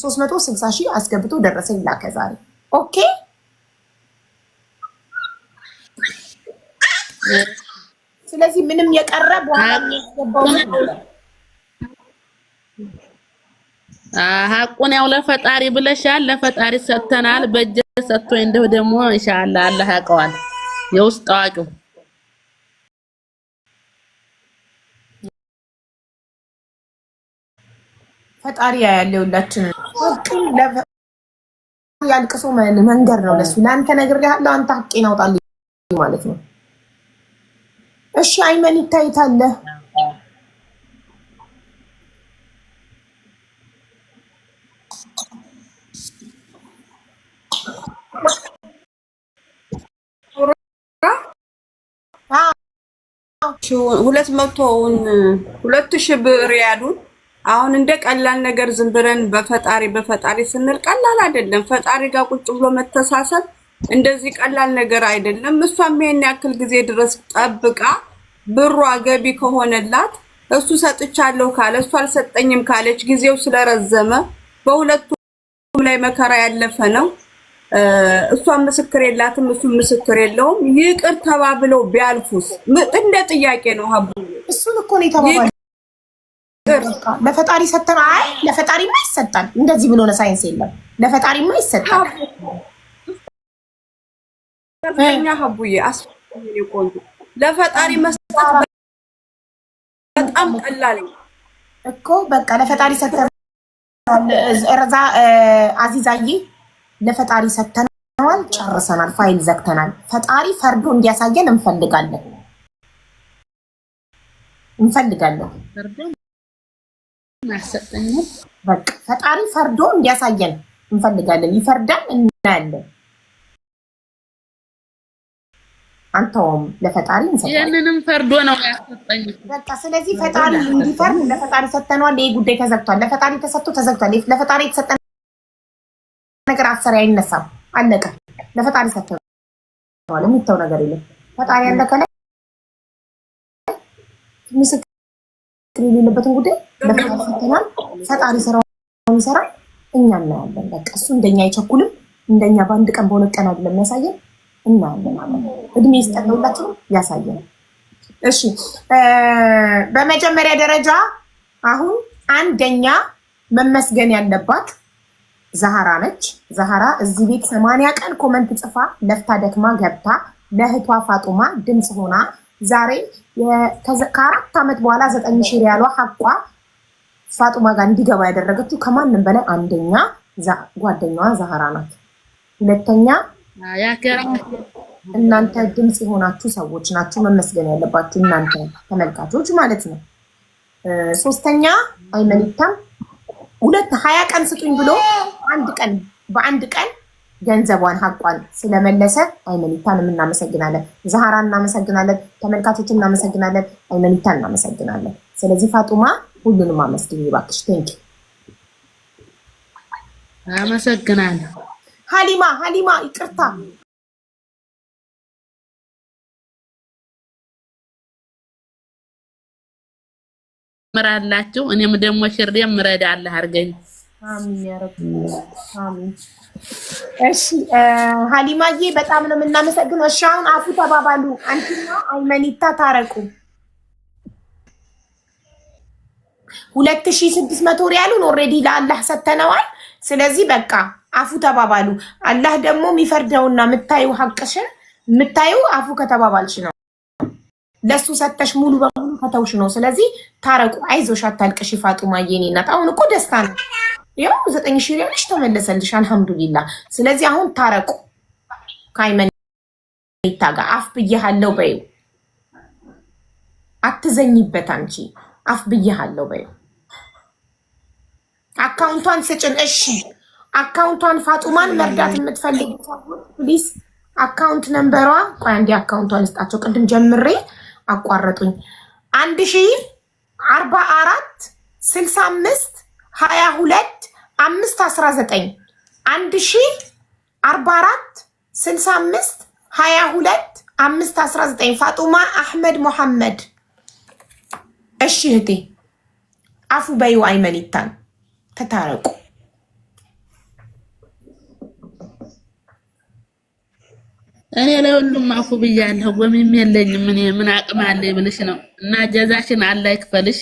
360 ሺህ አስገብቶ ደረሰኝ ላከ ዛሬ። ኦኬ ስለዚህ ምንም የቀረ በኋላ ሀቁን ያው ለፈጣሪ ብለሻል። ለፈጣሪ ሰጥተናል። በእጅ ሰጥቶ እንደው ደግሞ ያውቀዋል። የውስጥ አዋቂው ፈጣሪ ሀቅን ያልቅሶ መንገድ ነው ለሱ። ለአንተ ነግሬሃለሁ፣ አንተ ሀቄን አውጣልኝ ማለት ነው። እሺ አይመን ይታይታለህ። ሁለት መቶውን ሁለት ሺህ ብር ያሉን አሁን እንደ ቀላል ነገር ዝም ብለን በፈጣሪ በፈጣሪ ስንል ቀላል አይደለም። ፈጣሪ ጋር ቁጭ ብሎ መተሳሰብ እንደዚህ ቀላል ነገር አይደለም። እሷም ይሄን ያክል ጊዜ ድረስ ጠብቃ ብሯ ገቢ ከሆነላት እሱ ሰጥቻለሁ ካለ እሱ አልሰጠኝም ካለች ጊዜው ስለረዘመ በሁለቱም ላይ መከራ ያለፈ ነው። እሷም ምስክር የላትም፣ እሱ ምስክር የለውም። ይቅር ተባብለው ቢያልፉስ እንደ ጥያቄ ነው። ሀቡ እሱን እኮ ነው የተባባለው ለፈጣሪ ሰተን። አይ ለፈጣሪማ ይሰጣል። እንደዚህ ብሎ ሳይንስ የለም። ለፈጣሪማ ይሰጣል። ለፈጣሪ መስጠት በጣም ቀላል እኮ በቃ ለፈጣሪ ሰተን። እዛ አዚዛዬ ለፈጣሪ ሰተናል፣ ጨርሰናል፣ ፋይል ዘግተናል። ፈጣሪ ፈርዶ እንዲያሳየን እንፈልጋለን እንፈልጋለን። አልሰጠኝም። በቃ ፈጣሪ ፈርዶ እንዲያሳየን እንፈልጋለን። ይፈርዳል፣ እናያለን። አንተውም ለፈጣሪ ይህንንም ፈርዶ ነው ያሰጠኝ። በቃ ስለዚህ ፈጣሪ እንዲፈርድ ለፈጣሪ ሰተነዋል። ይህ ጉዳይ ተዘግቷል። ለፈጣሪ ተሰጥቶ ተዘግቷል። ለፈጣሪ የተሰጠ ነገር አሰሪ አይነሳም። አለቀ። ለፈጣሪ ሰተነዋል። የሚተው ነገር የለም። ፈጣሪ ያለከለ ምስክ ግን የሌለበትን ጉዳይ ፈተናል። ፈጣሪ ስራውን ይሰራል። እኛ እናያለን። በቃ እሱ እንደኛ አይቸኩልም። እንደኛ በአንድ ቀን በሆነ ቀን አይደለም የሚያሳየን። እናያለን። እድሜ ይስጠቀውላቸው ያሳየን። እሺ በመጀመሪያ ደረጃ አሁን አንደኛ መመስገን ያለባት ዛሃራ ነች። ዛሃራ እዚህ ቤት ሰማንያ ቀን ኮመንት ጽፋ ለፍታ ደክማ ገብታ ለእህቷ ፋጡማ ድምፅ ሆና ዛሬ ከአራት ዓመት በኋላ ዘጠኝ ሺ ሪያሏ ሀቋ ፋጡማ ጋር እንዲገባ ያደረገችው ከማንም በላይ አንደኛ ጓደኛዋ ዛህራ ናት። ሁለተኛ እናንተ ድምፅ የሆናችሁ ሰዎች ናችሁ መመስገን ያለባችሁ እናንተ ተመልካቾች ማለት ነው። ሶስተኛ አይመኒታም ሁለት ሀያ ቀን ስጡኝ ብሎ አንድ ቀን በአንድ ቀን ገንዘቧን ሀቋን ስለመለሰ አይመኒታን እናመሰግናለን። ዛህራ እናመሰግናለን። ተመልካቾች እናመሰግናለን። አይመኒታን እናመሰግናለን። ስለዚህ ፋጡማ ሁሉንም አመስግኝ እባክሽ። ቴንክ አመሰግናለሁ። ሀሊማ ሀሊማ ይቅርታ ምራላችሁ። እኔም ደግሞ ሽሬም ምረዳ አለ አርገኝ አሚን እሺ ሀሊማዬ በጣም ነው የምናመሰግነው። እሺ አሁን አፉ ተባባሉ። አንቺና አይመኒታ ታረቁ። ሁለት ሺህ ስድስት መቶ ሪያሉን ኦልሬዲ ለአላህ ሰተነዋል። ስለዚህ በቃ አፉ ተባባሉ። አላህ ደግሞ የሚፈርደውና የምታዩ ሀቅሽን የምታዩ አፉ ከተባባልሽ ነው። ለሱ ሰተሽ ሙሉ በሙሉ ከተውሽ ነው። ስለዚህ ታረቁ። አይዞሽ፣ አታልቅሽ ፋጡማ የኔ እናት። አሁን እኮ ደስታ ነው። ያው ዘጠኝ ሺህ ሪያልሽ ተመለሰልሽ፣ አልሐምዱሊላ። ስለዚህ አሁን ታረቁ ከሃይማኖት ጋር አፍ ብያሃለው በይው፣ አትዘኝበት። አንቺ አፍ ብያሃለው በይው። አካውንቷን ስጭን። እሺ አካውንቷን ፋጡማን መርዳት የምትፈልጉ ፕሊስ አካውንት ነንበሯ። ቆይ አንዴ አካውንቷን ስጣቸው። ቅድም ጀምሬ አቋረጡኝ። አንድ ሺህ አርባ አራት ስልሳ አምስት ሀያ ሁለት አምስት አስራ ዘጠኝ አንድ ሺ አርባ አራት ስልሳ አምስት ሀያ ሁለት አምስት አስራ ዘጠኝ ፋጡማ አሕመድ ሙሐመድ። እሺ እህቴ አፉ በይ አይመን ይታን ተታረቁ። እኔ ለሁሉም አፉ ብያለሁ። ወሚም የለኝም እኔ ምን አቅም አለ ብልሽ ነው እና ጀዛሽን አላይክ ፈልሽ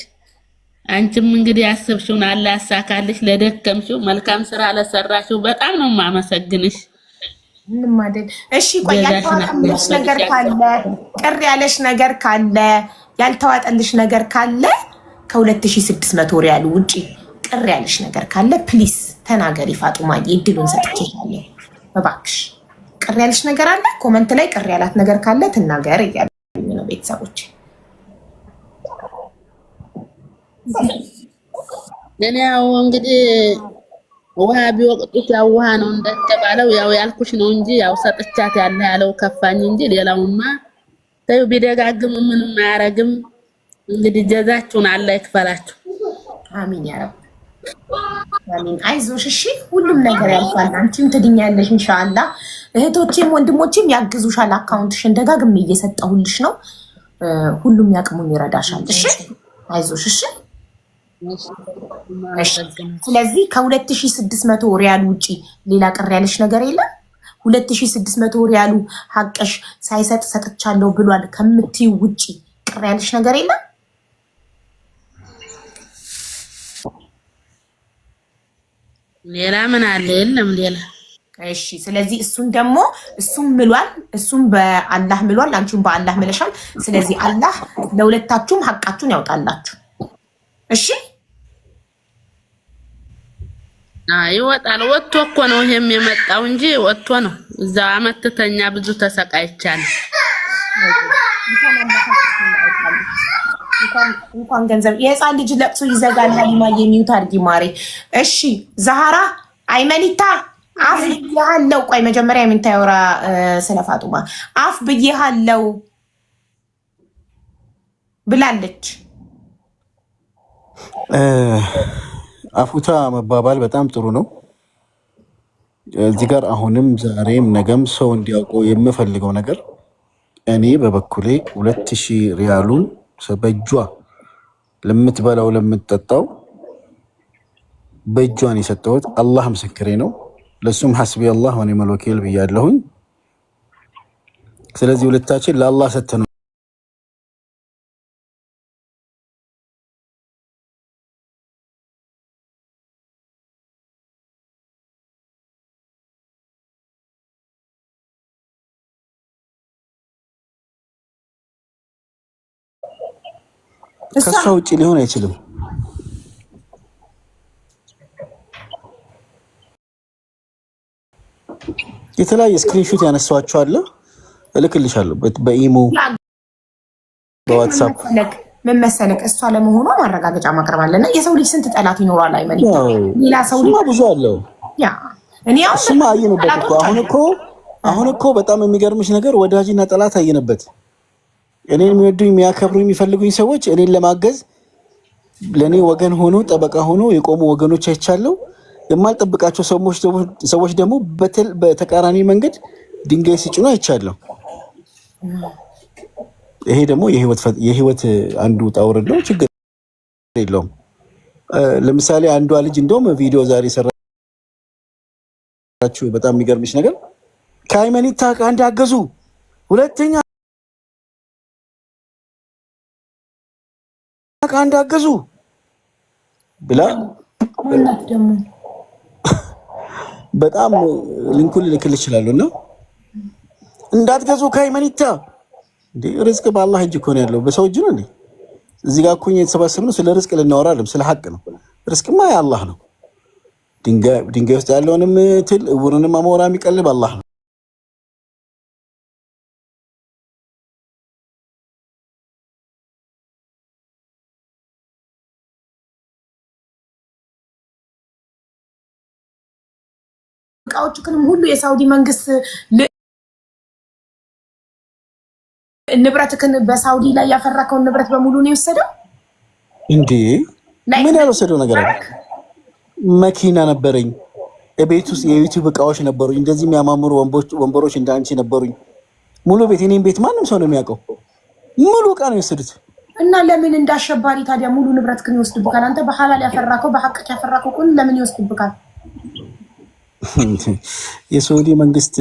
አንቺም እንግዲህ አስብሽውን አለ ያሳካልሽ። ለደከምሽው መልካም ስራ ለሰራሽው በጣም ነው የማመሰግንሽ። እሺ። ቆይ ያልተዋጠልሽ ነገር ካለ ቅር ያለሽ ነገር ካለ ያልተዋጠልሽ ነገር ካለ ከ2600 ሪያል ውጪ ቅር ያለሽ ነገር ካለ ፕሊስ ተናገሪ ፋጡማዬ፣ እድሉን ሰጥቼሻለሁ። እባክሽ ቅር ያለሽ ነገር አለ፣ ኮመንት ላይ ቅር ያላት ነገር ካለ ትናገር እያሉ ነው ቤተሰቦች እኔ ያው እንግዲህ ውሃ ቢወቅጡት ያው ውሃ ነው እንደተባለው ያው ያልኩሽ ነው እንጂ ያው ሰጥቻት ያለ ያለው ከፋኝ እንጂ ሌላውማ ተዩ ቢደጋግም ምንም አያረግም። እንግዲህ ጀዛችሁን አላህ ይክፈላችሁ። አሚን ያ አሚን። አይዞሽ እሺ፣ ሁሉም ነገር ያልፋል። አንቺም ትድኛለሽ ኢንሻአላህ። እህቶቼም ወንድሞቼም ያግዙሻል። አካውንትሽን ደጋግሜ እየሰጠሁልሽ ነው። ሁሉም ያቅሙን ይረዳሻል። እሺ አይዞሽ እሺ ስለዚህ ከ2600 ሪያል ውጪ ሌላ ቅር ያለሽ ነገር የለም። 2600 ሪያሉ ሀቀሽ ሳይሰጥ ሰጥቻለሁ ብሏል ከምትዩ ውጪ ቅር ያለሽ ነገር የለም። ሌላ ምን አለ? የለም ሌላ እሺ ስለዚህ እሱን ደግሞ እሱም ምሏል፣ እሱም በአላህ ምሏል፣ አንቺም በአላህ ምለሻል። ስለዚህ አላህ ለሁለታችሁም ሀቃችሁን ያውጣላችሁ። እሺ ይወጣል። ወጥቶ እኮ ነው ይሄም የመጣው እንጂ ወጥቶ ነው። እዛ አመትተኛ ብዙ ተሰቃይቻል። እንኳን ገንዘብ የህፃን ልጅ ለቅሶ ይዘጋል። ሀሊማ የሚዩት አድርጊ ማሬ። እሺ አይመኒታ አፍ ብያሃለው። ቆይ መጀመሪያ አፍ ብያሃለው ብላለች። አፉታ መባባል በጣም ጥሩ ነው። እዚህ ጋር አሁንም ዛሬም ነገም ሰው እንዲያውቀው የምፈልገው ነገር እኔ በበኩሌ ሁለት ሺህ ሪያሉን በእጇ ለምትበላው ለምትጠጣው በእጇን የሰጠሁት አላህ ምስክሬ ነው። ለሱም ሐስቢ አላህ ወኒዕመል ወኪል ብያለሁኝ። ስለዚህ ሁለታችን ለአላህ ሰጥተነው ከእሷ ውጭ ሊሆን አይችልም። የተለያየ ስክሪንሾት ያነሳኋቸው አለ፣ እልክልሻለሁ በኢሞ በዋትሳፕ ምን መሰለህ እሷ ለመሆኗ ማረጋገጫ ማቅረብ አለና የሰው ልጅ ስንት ጠላት ይኖራል። አይመን ሌላ ሰው ልጅ ብዙ አለው። እሱማ አየንበት እኮ አሁን እኮ አሁን እኮ በጣም የሚገርምሽ ነገር ወዳጅና ጠላት አየንበት እኔን የሚወዱ የሚያከብሩ የሚፈልጉኝ ሰዎች እኔን ለማገዝ ለእኔ ወገን ሆኖ ጠበቃ ሆኖ የቆሙ ወገኖች አይቻለው። የማልጠብቃቸው ሰዎች ደግሞ በተቃራኒ መንገድ ድንጋይ ሲጭኑ አይቻለሁ። ይሄ ደግሞ የህይወት አንዱ ውጣ ውረድ ነው፣ ችግር የለውም። ለምሳሌ አንዷ ልጅ እንደውም ቪዲዮ ዛሬ ሰራችሁ። በጣም የሚገርምሽ ነገር ከሃይማኖት አንድ አገዙ ሁለተኛ በቃ እንዳገዙ ብላ በጣም ሊንኩን ልክል ይችላሉ እና እንዳትገዙ ከሃይመኒታ እንዴ ርዝቅ በአላህ እጅ እኮ ነው ያለው፣ በሰው እጅ ነው እዚህ ጋር እኮ ነው ስለ ርዝቅ ልናወራ አይደለም፣ ስለ ሀቅ ነው። ርዝቅማ የአላህ ነው። ድንጋይ ውስጥ ያለውንም ትል እውሩንም አሞራ የሚቀልብ አላህ ነው። እቃዎችንም ሁሉ የሳውዲ መንግስት ንብረትክን በሳውዲ ላይ ያፈራከውን ንብረት በሙሉ ነው የወሰደው። እንዴ ምን ያልወሰደው ነገር አለ? መኪና ነበረኝ፣ ቤት ውስጥ የዩቲዩብ እቃዎች ነበሩኝ፣ እንደዚህ የሚያማምሩ ወንበሮች እንዳንቺ ነበሩኝ። ሙሉ ቤት እኔም ቤት ማንም ሰው ነው የሚያውቀው። ሙሉ እቃ ነው የወሰዱት። እና ለምን እንዳሸባሪ ታዲያ ሙሉ ንብረትክን ይወስድብካል? አንተ በሀላል ያፈራከው በሀቅ ያፈራከው ቁን ለምን ይወስድብካል? የሳውዲ መንግስት